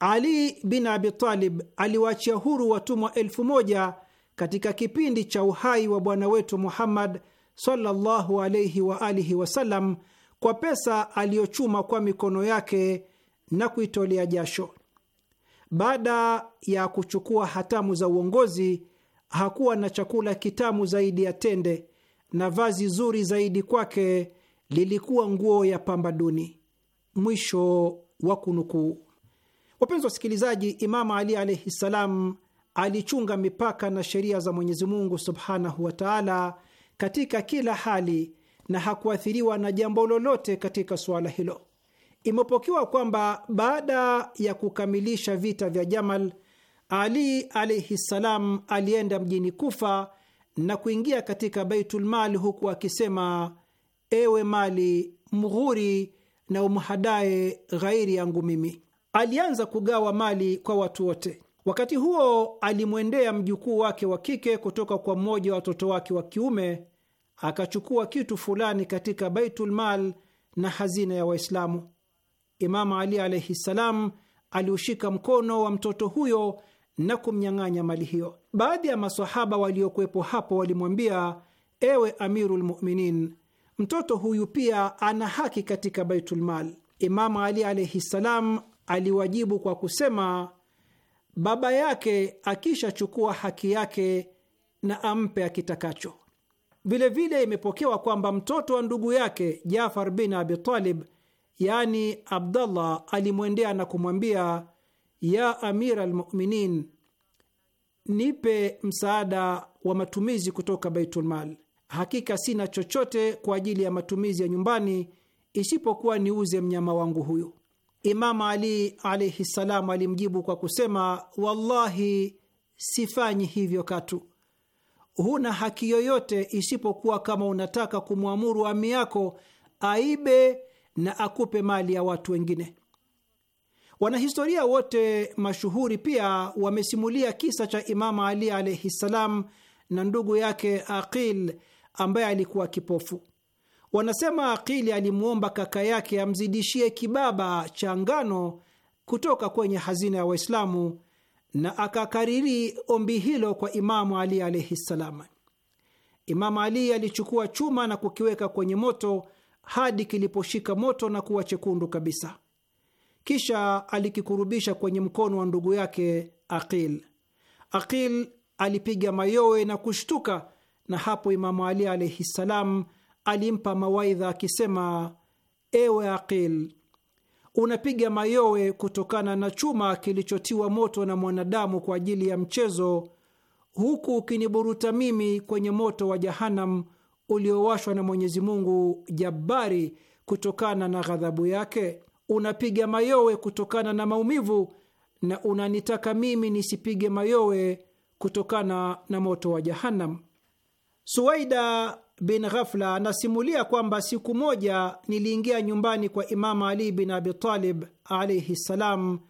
Ali bin Abitalib aliwaachia huru watumwa elfu moja katika kipindi cha uhai wa bwana wetu Muhammad sallallahu alayhi wa alihi wasallam kwa pesa aliyochuma kwa mikono yake na kuitolea jasho. Baada ya kuchukua hatamu za uongozi, hakuwa na chakula kitamu zaidi ya tende, na vazi zuri zaidi kwake lilikuwa nguo ya pamba duni. Mwisho wa kunukuu. Wapenzi wasikilizaji, Imamu Ali alaihi ssalam alichunga mipaka na sheria za Mwenyezi Mungu subhanahu wa taala katika kila hali na hakuathiriwa na jambo lolote katika suala hilo. Imepokewa kwamba baada ya kukamilisha vita vya Jamal, Ali alaihi ssalam alienda mjini Kufa na kuingia katika baitulmal huku akisema: ewe mali mghuri na umhadae ghairi yangu mimi. Alianza kugawa mali kwa watu wote. Wakati huo alimwendea mjukuu wake wa kike kutoka kwa mmoja wa watoto wake wa kiume, akachukua kitu fulani katika Baitulmal na hazina ya Waislamu. Imamu Ali alaihi ssalam aliushika mkono wa mtoto huyo na kumnyang'anya mali hiyo. Baadhi ya masahaba waliokuwepo hapo walimwambia, ewe Amirul Muminin, mtoto huyu pia ana haki katika Baitulmal. Imamu Ali alaihi ssalam aliwajibu kwa kusema baba yake akishachukua haki yake na ampe akitakacho. Vilevile imepokewa kwamba mtoto wa ndugu yake Jafar bin Abi Talib, yaani Abdallah, alimwendea na kumwambia ya Amir almuminin, nipe msaada wa matumizi kutoka Baitulmal. Hakika sina chochote kwa ajili ya matumizi ya nyumbani isipokuwa niuze mnyama wangu huyu. Imamu Ali alaihi ssalam alimjibu kwa kusema, wallahi sifanyi hivyo katu. Huna haki yoyote isipokuwa kama unataka kumwamuru ami yako aibe na akupe mali ya watu wengine. Wanahistoria wote mashuhuri pia wamesimulia kisa cha Imamu Ali alaihi ssalam na ndugu yake Aqil ambaye alikuwa kipofu. Wanasema Akili alimwomba kaka yake amzidishie kibaba cha ngano kutoka kwenye hazina ya Waislamu na akakariri ombi hilo kwa Imamu Ali alaihi ssalam. Imamu Ali alichukua chuma na kukiweka kwenye moto hadi kiliposhika moto na kuwa chekundu kabisa, kisha alikikurubisha kwenye mkono wa ndugu yake Aqil. Aqil alipiga mayowe na kushtuka, na hapo Imamu Ali alaihi ssalam alimpa mawaidha akisema, ewe Aqil, unapiga mayowe kutokana na chuma kilichotiwa moto na mwanadamu kwa ajili ya mchezo, huku ukiniburuta mimi kwenye moto wa Jahanam uliowashwa na Mwenyezi Mungu Jabbari kutokana na ghadhabu yake. Unapiga mayowe kutokana na maumivu na unanitaka mimi nisipige mayowe kutokana na moto wa Jahanam. Suwaida bin Ghafla anasimulia kwamba siku moja niliingia nyumbani kwa Imamu Ali bin Abi Talib alaihi ssalam,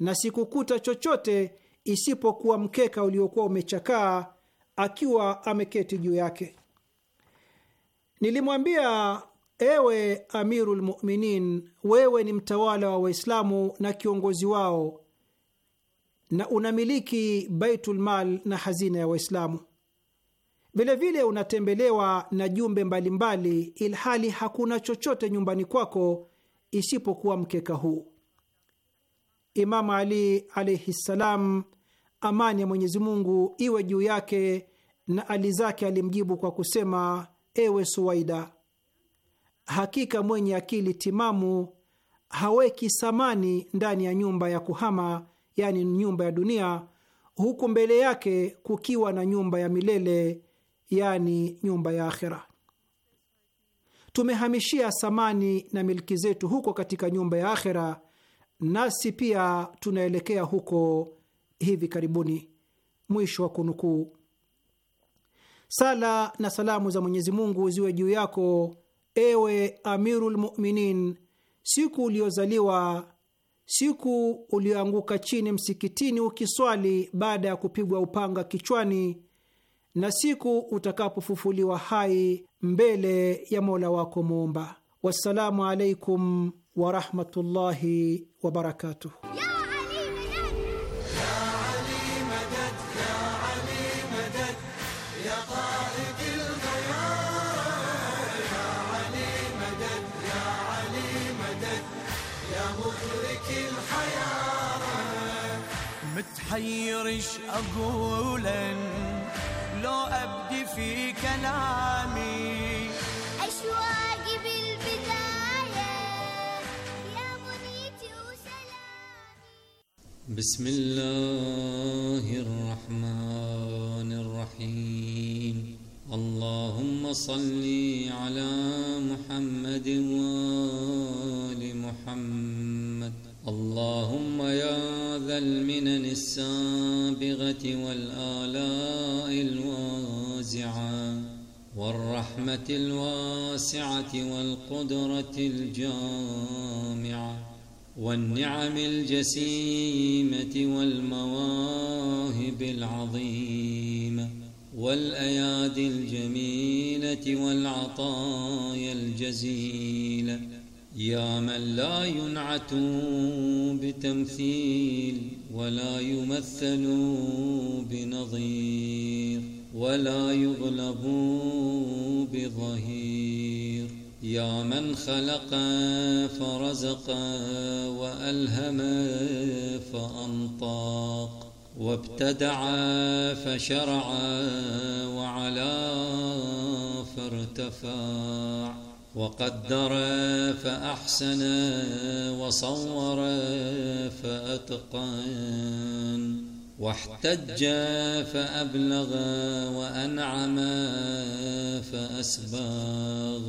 na sikukuta chochote isipokuwa mkeka uliokuwa umechakaa akiwa ameketi juu yake. Nilimwambia, ewe Amiru lmuminin, wewe ni mtawala wa Waislamu na kiongozi wao na unamiliki Baitulmal na hazina ya Waislamu. Vilevile unatembelewa na jumbe mbalimbali, ilhali hakuna chochote nyumbani kwako isipokuwa mkeka huu. Imamu Ali alaihi ssalam, amani ya Mwenyezi Mungu iwe juu yake na ali zake, alimjibu kwa kusema: ewe Suwaida, hakika mwenye akili timamu haweki samani ndani ya nyumba ya kuhama, yani nyumba ya dunia, huku mbele yake kukiwa na nyumba ya milele yani nyumba ya akhira. Tumehamishia samani na milki zetu huko katika nyumba ya akhera, nasi pia tunaelekea huko hivi karibuni. Mwisho wa kunukuu. Sala na salamu za Mwenyezi Mungu ziwe juu yako, ewe Amirul Muminin, siku uliozaliwa, siku ulioanguka chini msikitini ukiswali baada ya kupigwa upanga kichwani na siku utakapofufuliwa hai mbele ya Mola wako Muumba. Wassalamu alaikum warahmatullahi wabarakatuh. متحير ايش اقول لو أبدي في كلامي أشواقي بالبداية يا بنيتي وسلامي بسم الله الرحمن الرحيم اللهم صل على محمد وآل محمد اللهم يا ذا المنن السابغة والآلاء والرحمة الواسعة والقدرة الجامعة والنعم الجسيمة والمواهب العظيمة والأيادي الجميلة والعطايا الجزيلة يا من لا ينعت بتمثيل ولا يمثل بنظير ولا يغلبوا بظهير يا من خلق فرزق وألهم فأنطاق وابتدع فشرع وعلا فارتفع وقدر فأحسن وصور فأتقن واحتج فأبلغ وأنعم فأسباغ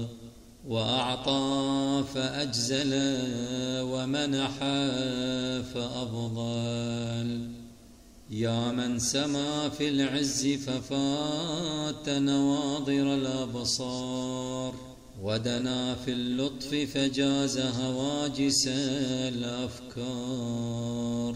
وأعطى فأجزل ومنح فأفضل يا من سما في العز ففات نواظر الأبصار ودنا في اللطف فجاز هواجس الأفكار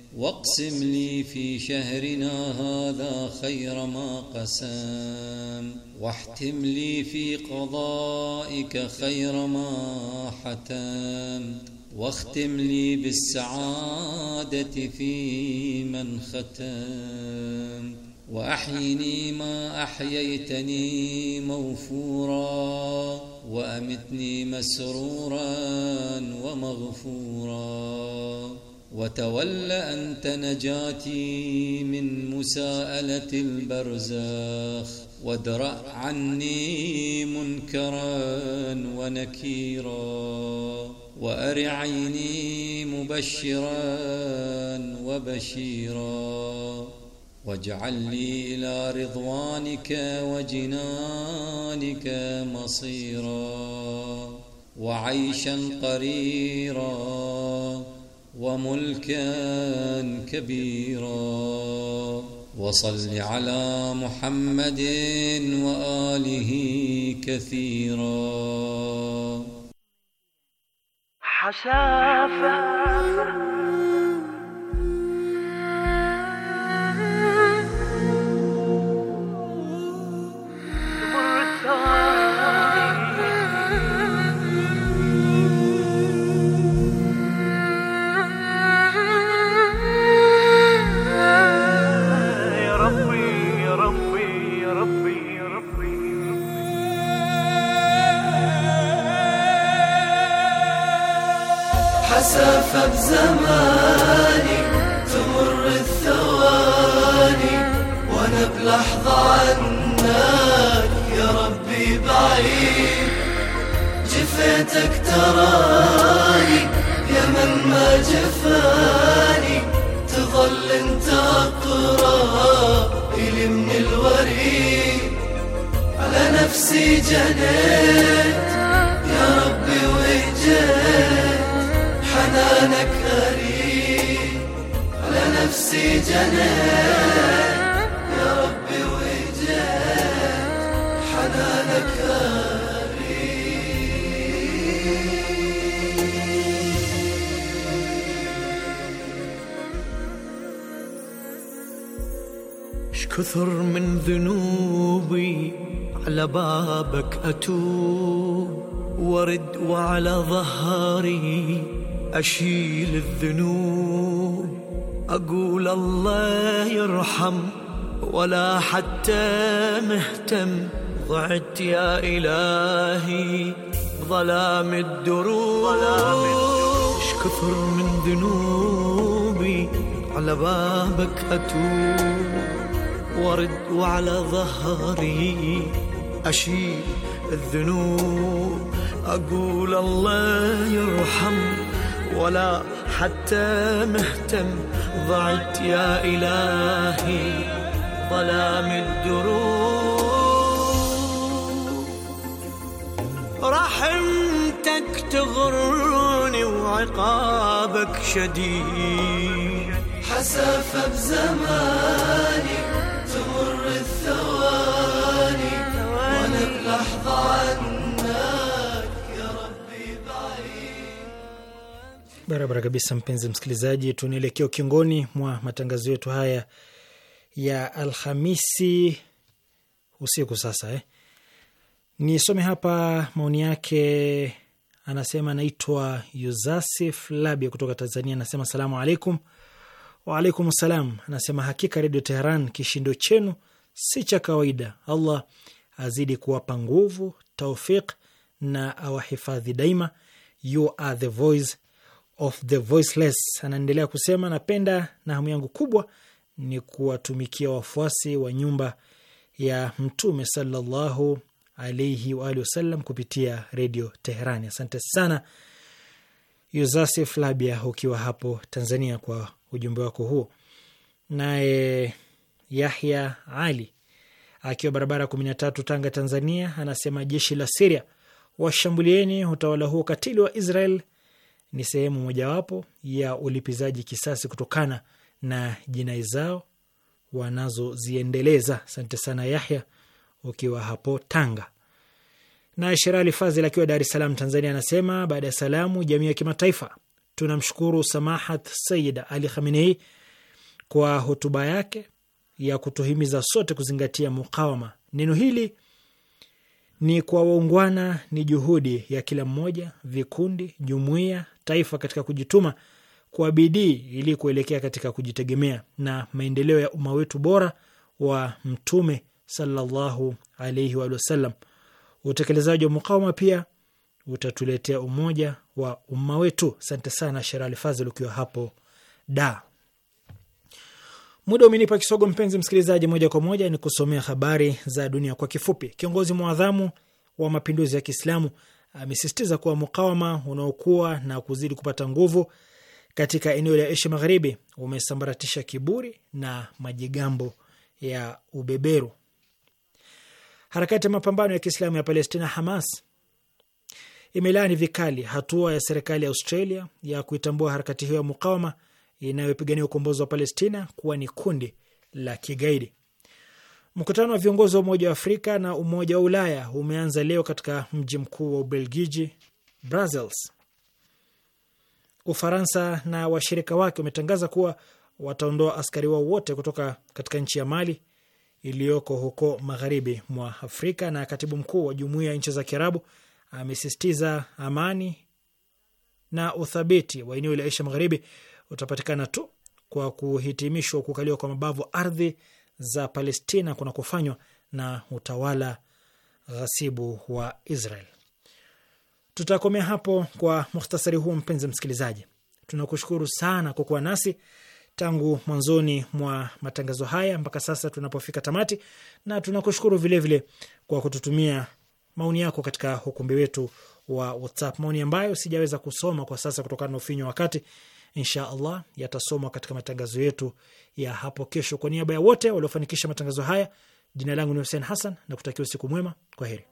واقسم لي في شهرنا هذا خير ما قسام واحتم لي في قضائك خير ما حتام واختم لي بالسعادة في من ختم وأحيني ما أحييتني موفورا وأمتني مسرورا ومغفورا وتول أنت نجاتي من مساءلة البرزاخ وادرأ عني منكرا ونكيرا وارعيني عيني مبشرا وبشيرا واجعل لي إلى رضوانك وجنانك مصيرا وعيشا قريرا وملكا كبيرا وصل على محمد وآله كثيرا حشافة ففي زماني تمر الثواني وانا بلحظة عنك يا ربي بعيد جفيتك تراني يا من ما جفاني تظل انت اقرأ الي من الوريد على نفسي جنيت يا رب مكانك غريب على نفسي جنان يا ربي وإجاد حنانك غريب اش كثر من ذنوبي على بابك أتوب ورد وعلى ظهري أشيل الذنوب أقول الله يرحم ولا حتى مهتم ضعت يا إلهي ظلام الدروب كثر من ذنوبي على بابك أتوب ورد وعلى ظهري أشيل الذنوب أقول الله يرحم ولا حتى مهتم ضعت يا إلهي ظلام الدروب رحمتك تغرني وعقابك شديد حسافة بزماني تمر الثواني وانا بلحظة عني Barabara kabisa, mpenzi msikilizaji, tunaelekea ukingoni mwa matangazo yetu haya ya Alhamisi usiku sasa eh. Nisome hapa maoni yake. Anasema anaitwa Yusasif Labia kutoka Tanzania, anasema salamu alaikum. Waalaikum salam. Anasema hakika Redio Teheran kishindo chenu si cha kawaida. Allah azidi kuwapa nguvu, taufik na awahifadhi daima. You are the voice of the Voiceless anaendelea kusema, napenda na hamu yangu kubwa ni kuwatumikia wafuasi wa nyumba ya Mtume sallallahu alaihi waalihi wasallam kupitia Redio Teherani. Asante sana Yusasif Labia ukiwa hapo Tanzania kwa ujumbe wako huo. Naye Yahya Ali akiwa barabara kumi na tatu Tanga, Tanzania anasema jeshi la Siria washambulieni utawala huo katili wa Israel ni sehemu mojawapo ya ulipizaji kisasi kutokana na jinai zao wanazoziendeleza. Asante sana Yahya ukiwa hapo Tanga. Na Sherali Fazil akiwa Dar es Salaam, Tanzania, anasema baada ya salamu, jamii ya kimataifa, tunamshukuru Samahat Sayid Ali Khamenei kwa hotuba yake ya kutuhimiza sote kuzingatia mukawama. Neno hili ni kwa waungwana, ni juhudi ya kila mmoja, vikundi, jumuiya, taifa katika kujituma kwa bidii ili kuelekea katika kujitegemea na maendeleo ya umma wetu bora wa Mtume sallallahu alaihi wa sallam. Utekelezaji wa mukawama pia utatuletea umoja wa umma wetu. Asante sana Sherali Fazil ukiwa hapo da Muda umenipa kisogo, mpenzi msikilizaji, moja kwa moja ni kusomea habari za dunia kwa kifupi. Kiongozi mwadhamu wa mapinduzi ya Kiislamu amesisitiza kuwa mukawama unaokuwa na kuzidi kupata nguvu katika eneo la Asia Magharibi umesambaratisha kiburi na majigambo ya ubeberu. Harakati ya mapambano ya Kiislamu ya Palestina, Hamas, imelaani vikali hatua ya serikali ya Australia ya kuitambua harakati hiyo ya mukawama inayopigania ukombozi wa Palestina kuwa ni kundi la kigaidi. Mkutano wa viongozi wa Umoja wa Afrika na Umoja wa Ulaya umeanza leo katika mji mkuu wa Ubelgiji, Brussels. Ufaransa na washirika wake wametangaza kuwa wataondoa askari wao wote kutoka katika nchi ya Mali iliyoko huko magharibi mwa Afrika. Na katibu mkuu wa Jumuiya ya Nchi za Kiarabu amesisitiza amani na uthabiti wa eneo la Asia Magharibi utapatikana tu kwa kuhitimishwa kukaliwa kwa mabavu ardhi za Palestina kuna kufanywa na utawala ghasibu wa Israel. Tutakomea hapo kwa mukhtasari huu. Mpenzi msikilizaji, tunakushukuru sana kwa kuwa nasi tangu mwanzoni mwa matangazo haya mpaka sasa tunapofika tamati, na tunakushukuru vilevile kwa kututumia maoni yako katika ukumbi wetu wa WhatsApp, maoni ambayo sijaweza kusoma kwa sasa kutokana na ufinyo wa wakati, insha Allah yatasomwa katika matangazo yetu ya hapo kesho. Kwa niaba ya wote waliofanikisha matangazo haya, jina langu ni Hussein Hassan na kutakia usiku mwema. Kwa heri.